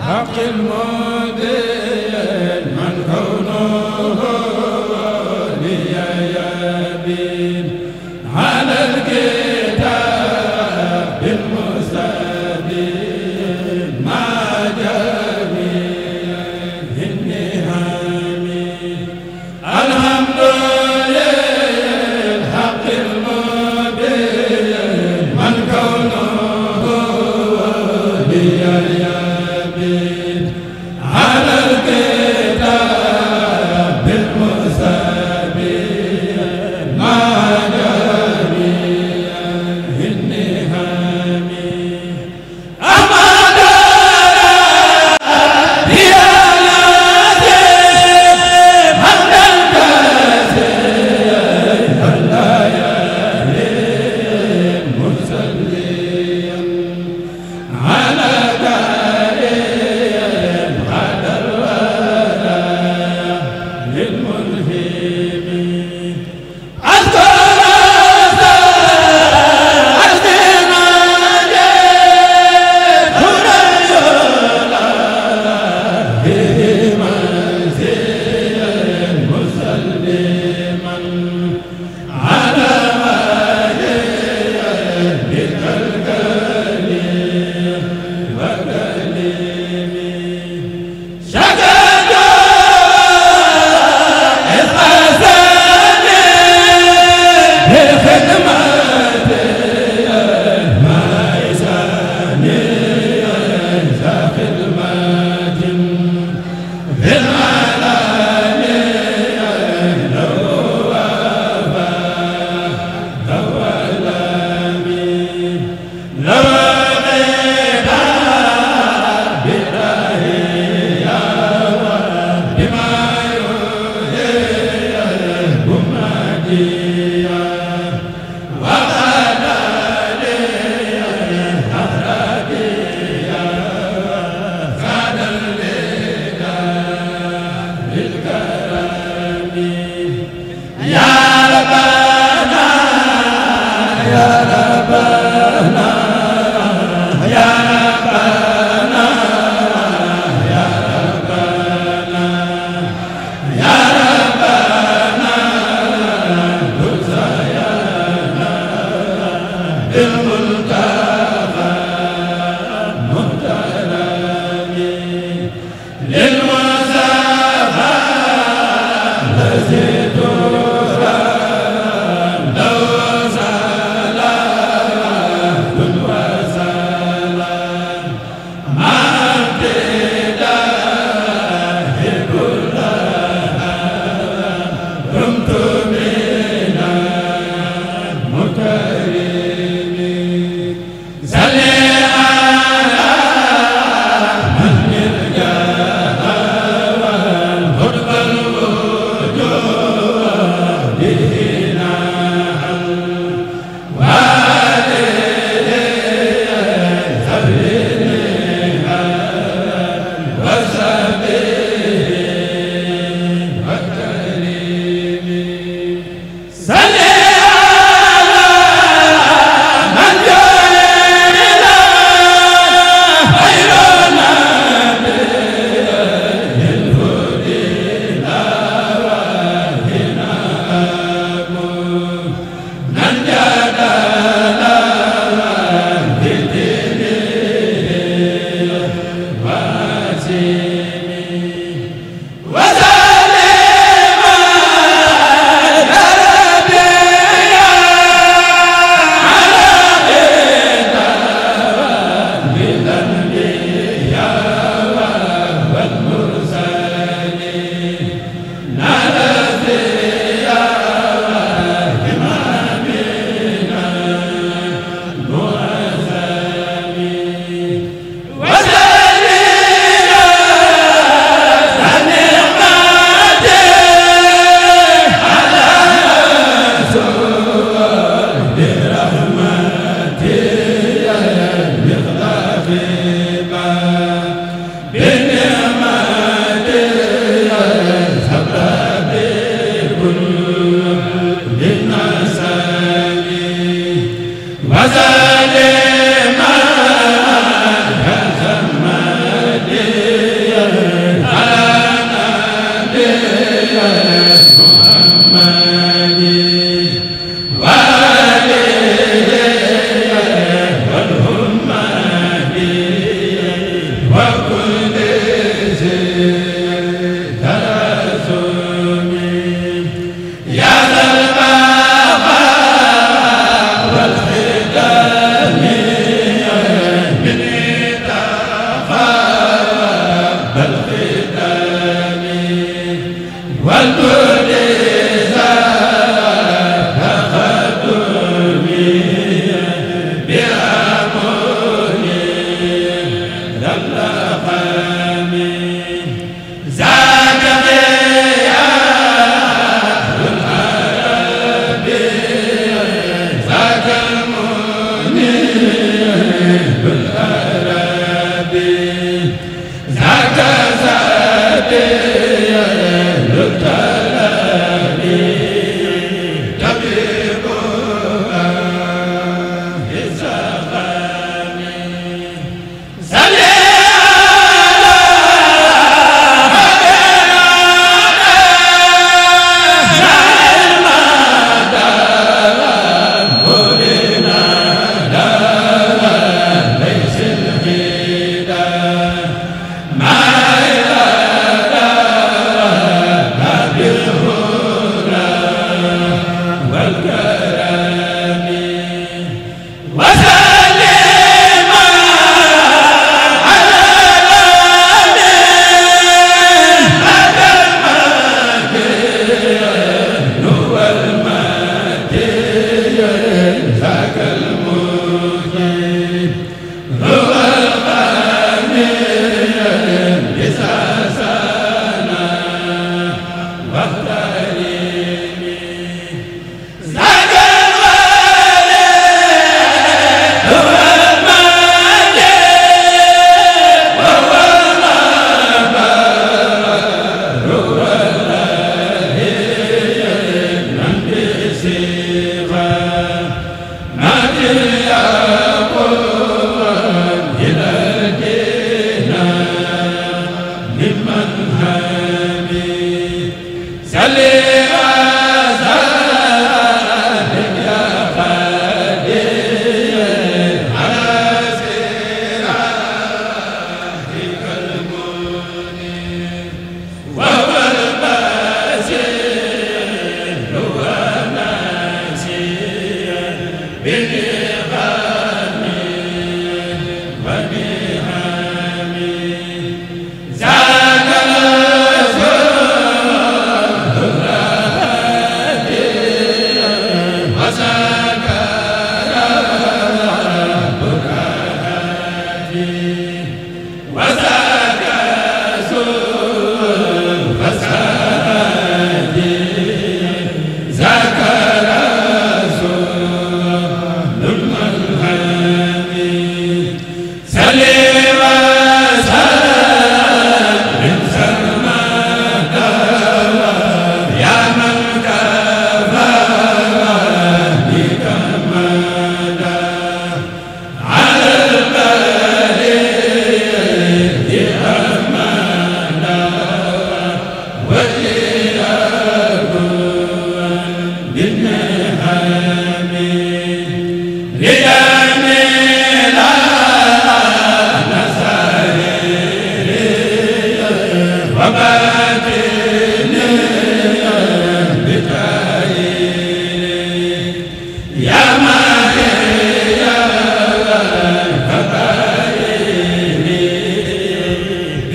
حق المدير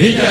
Villa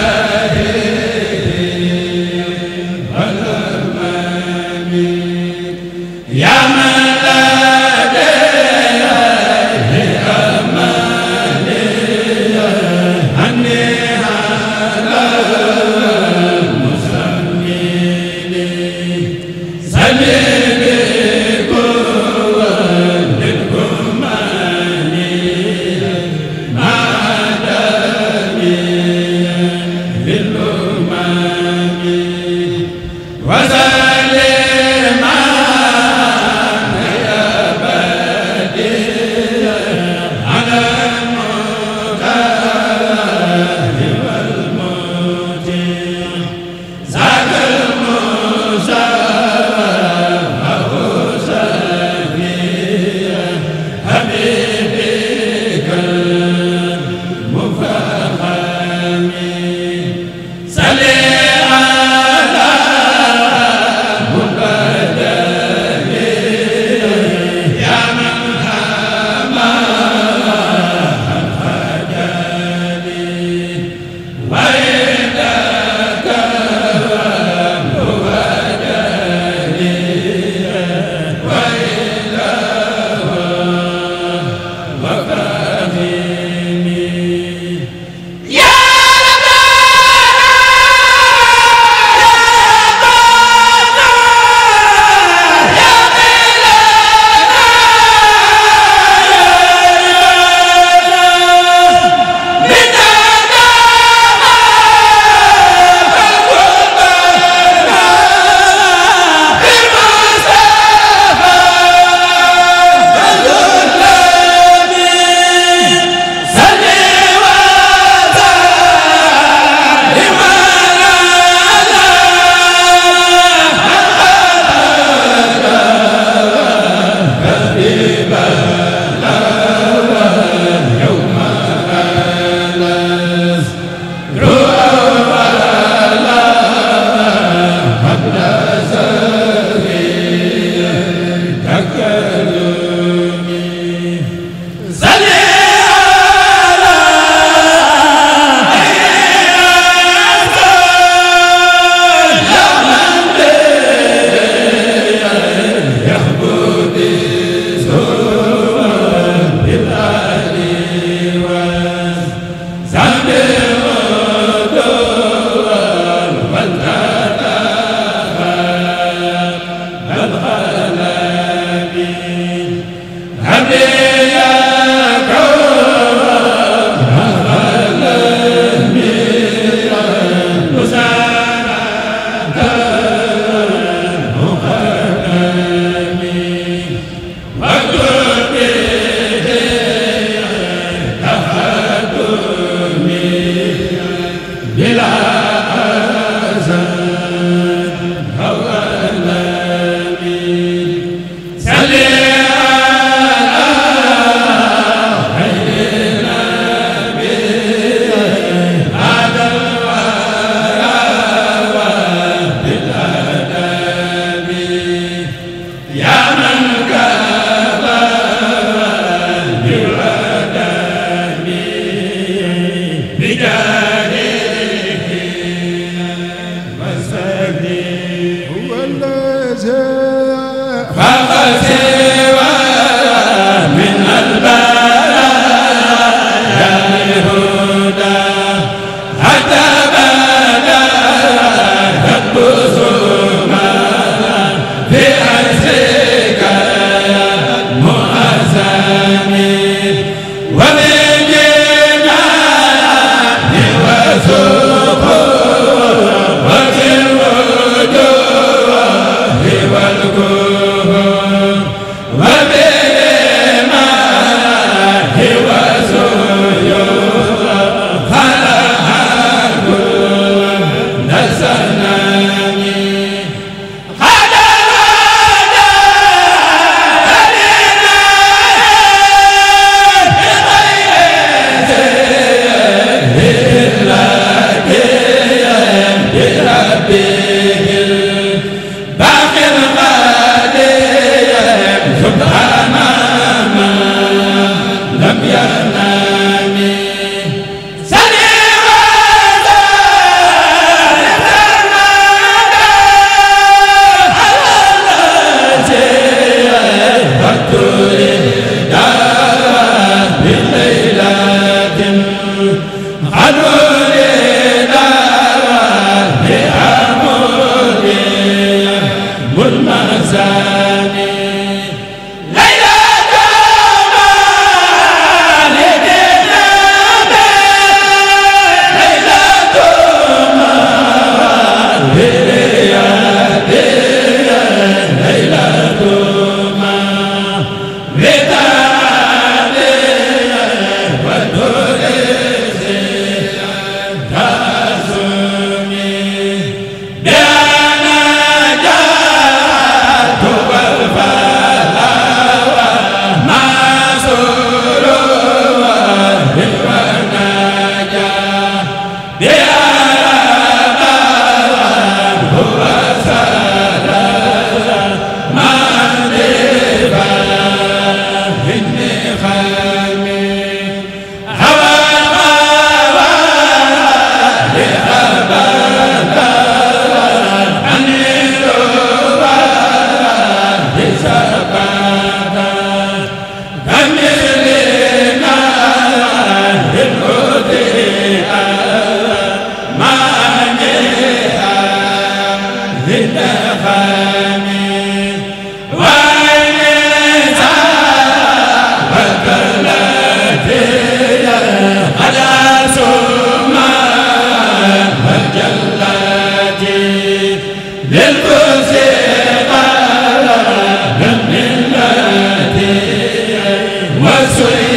Mercy.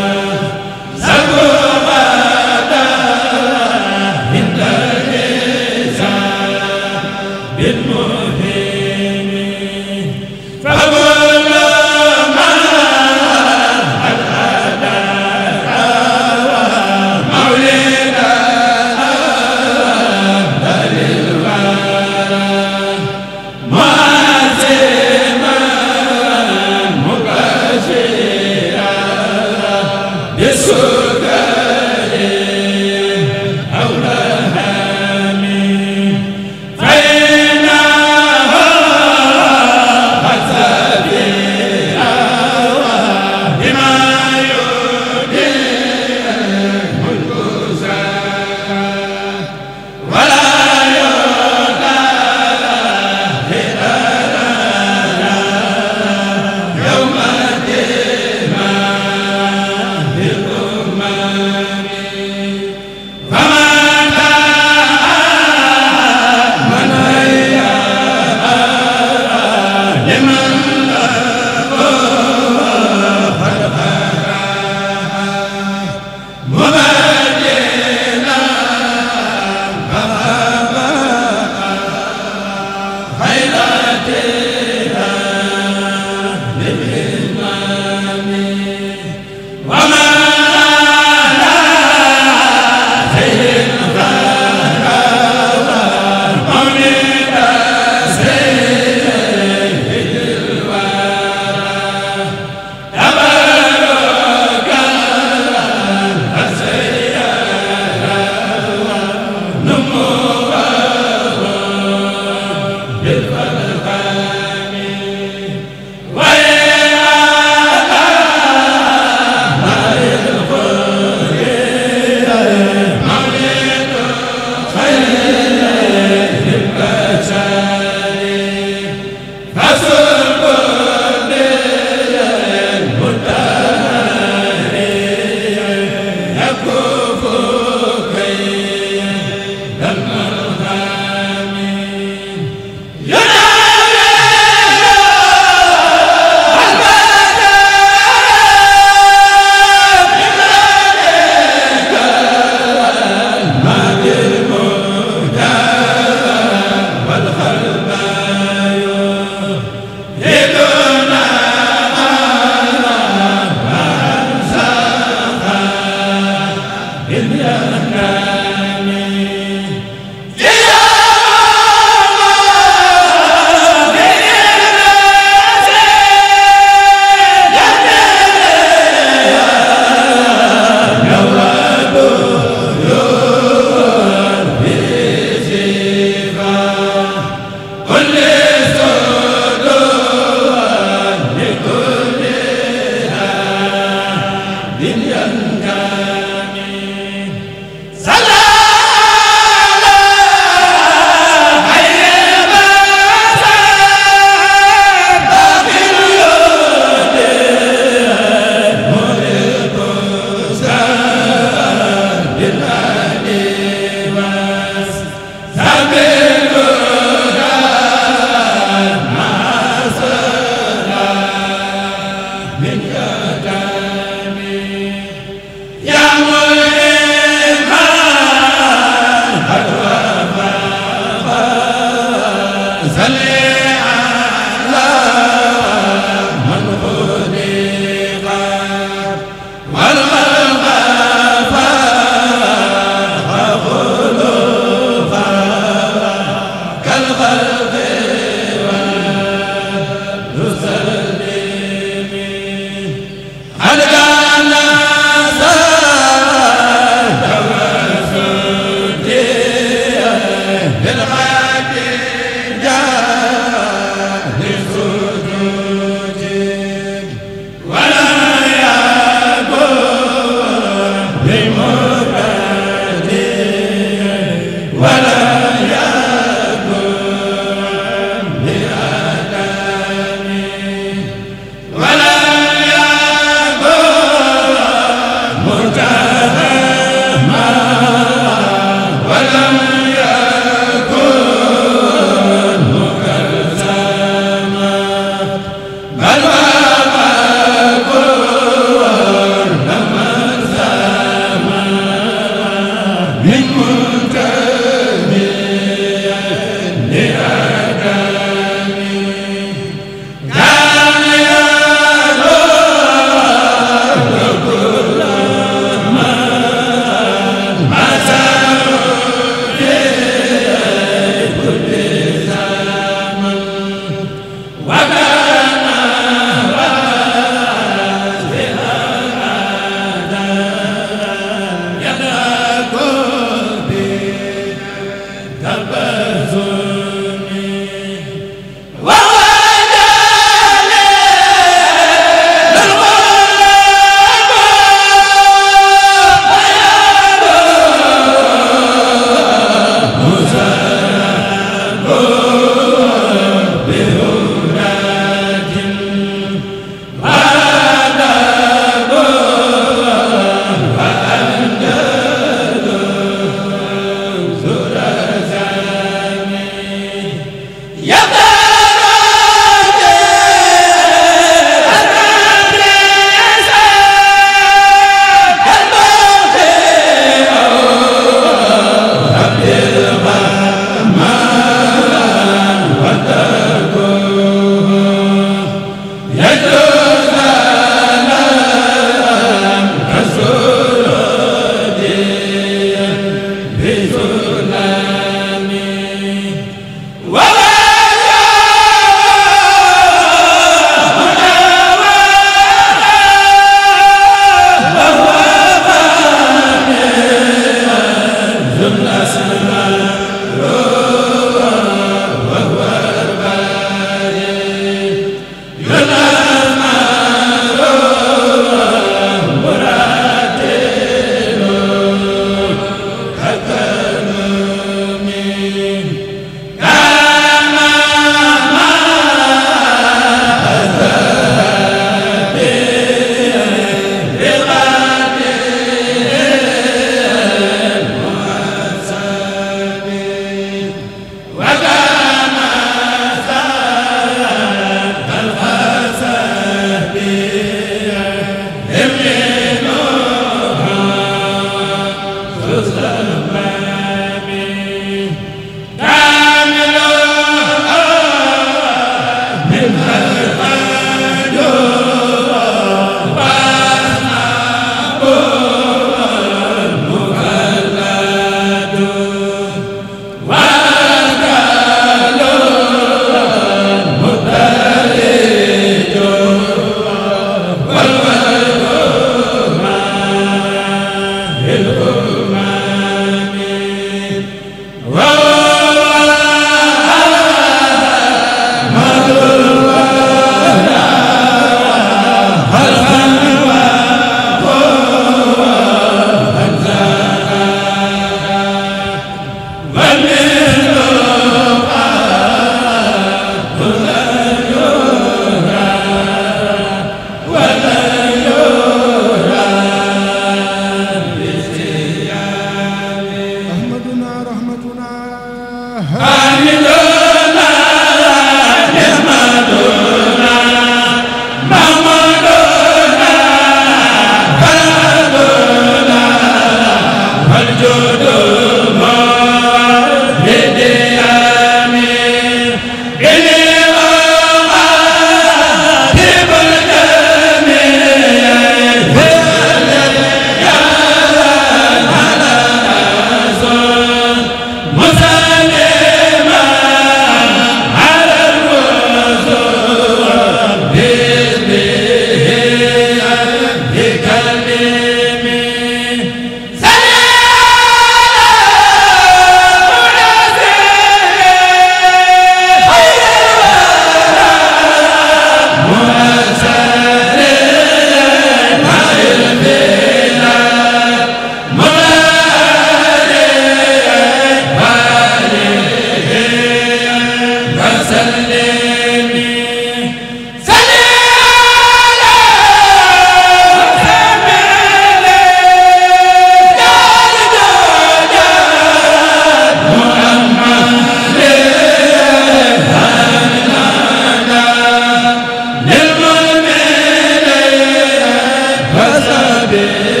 Yeah.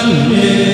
Yeah.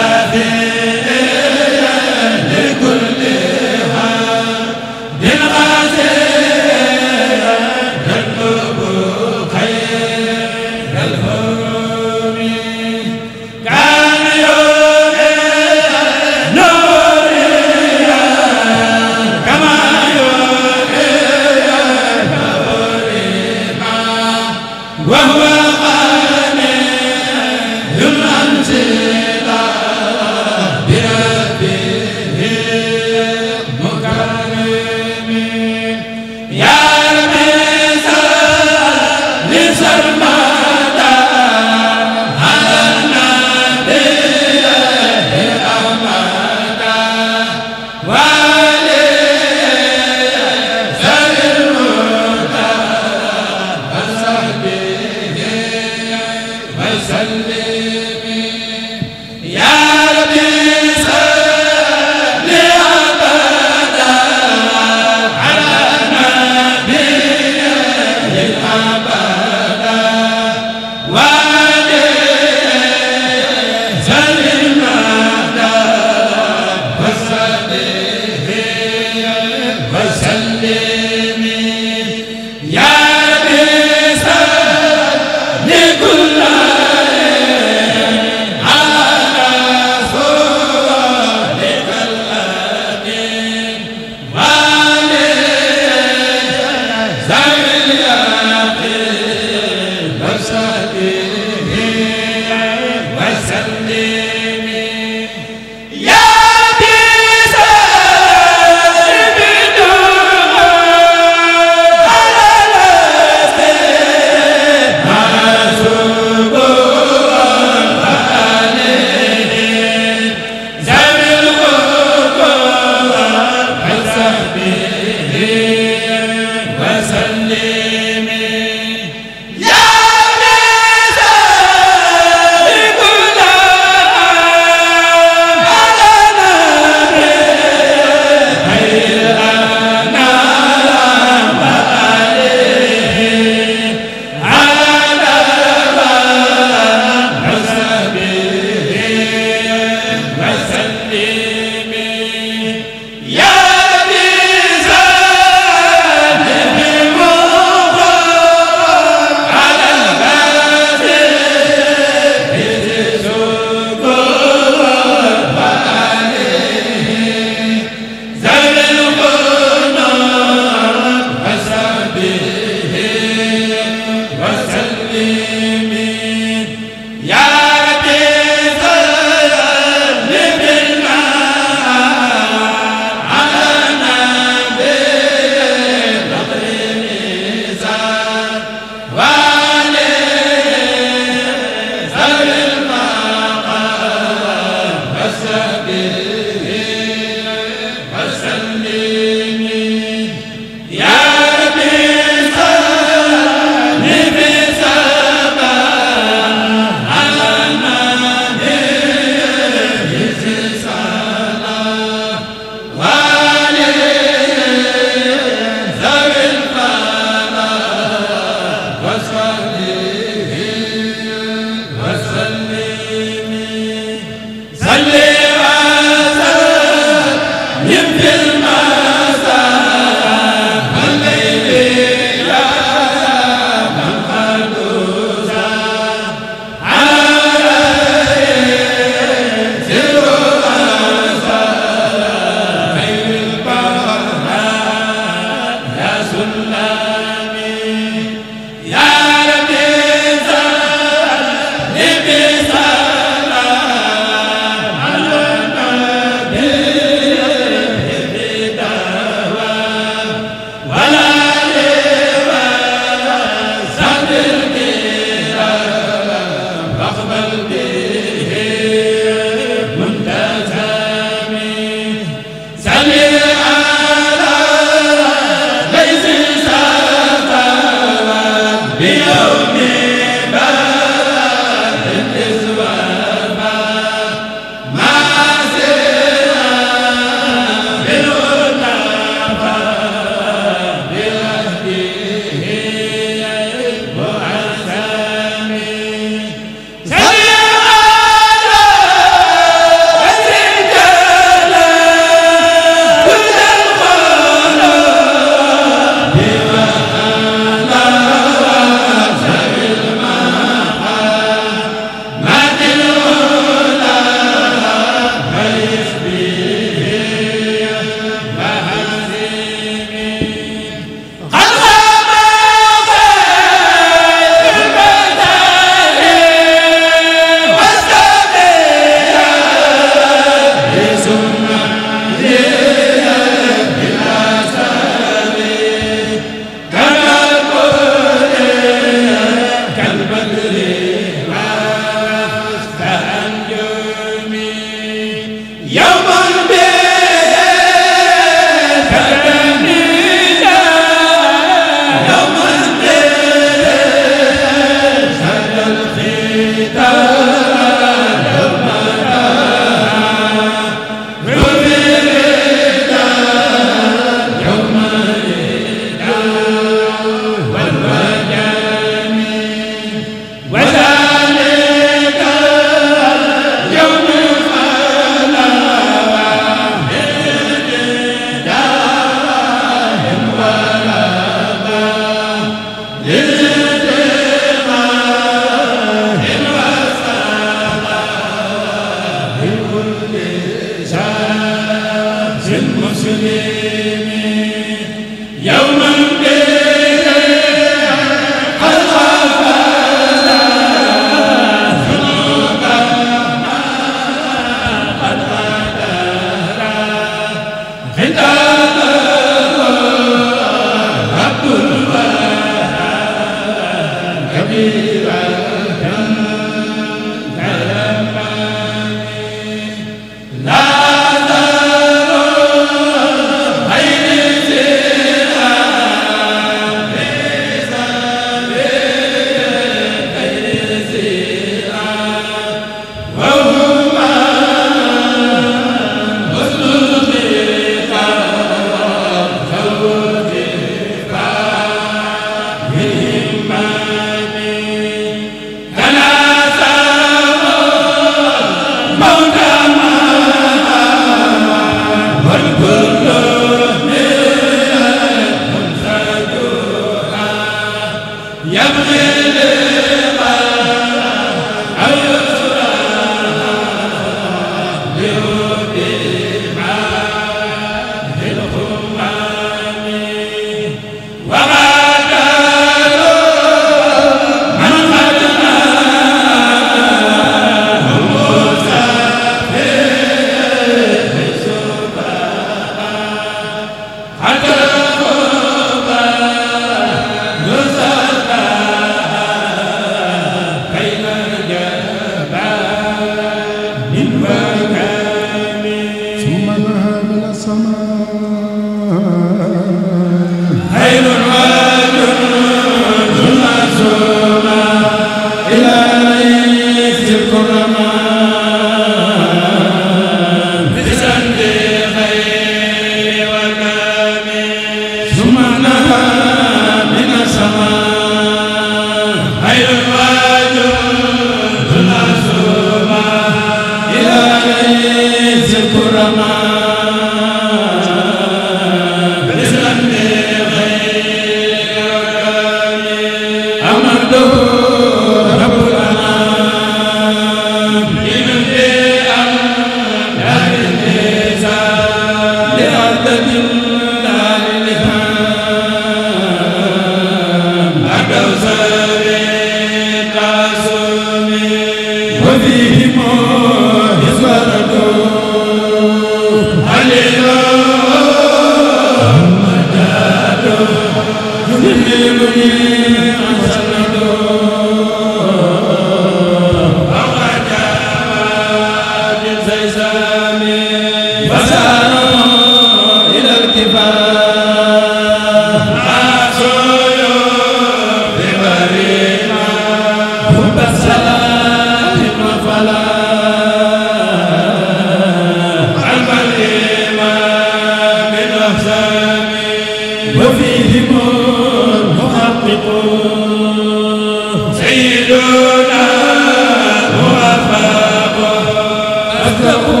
Campo.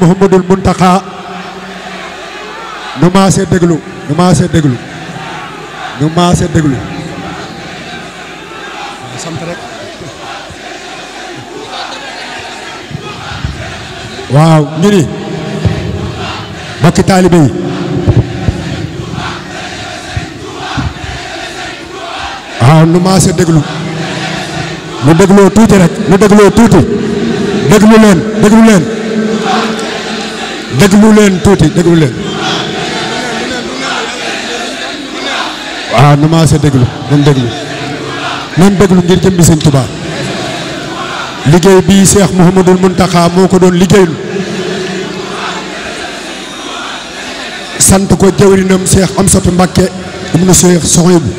Mouhamadul Muntaxa nu maasee déglu nu maasee déglu waaw ñu ni mbokki taalibe yi waaw nu maasee déglu nu dégloo tuuti rek nu dégloo tuuti déglu leen déglu leen déglu leen tuuti déglu leen. waaw ah, na maa se déglu nañ déglu. nañ déglu ngir jëm bi sëñ liggéey bii Cheikh Mouhamadul Mountakha moo ko doon liggéeylu. sant ko jëwrinam Cheikh Amsatou Mbacké ibnu Cheikh Sohaybou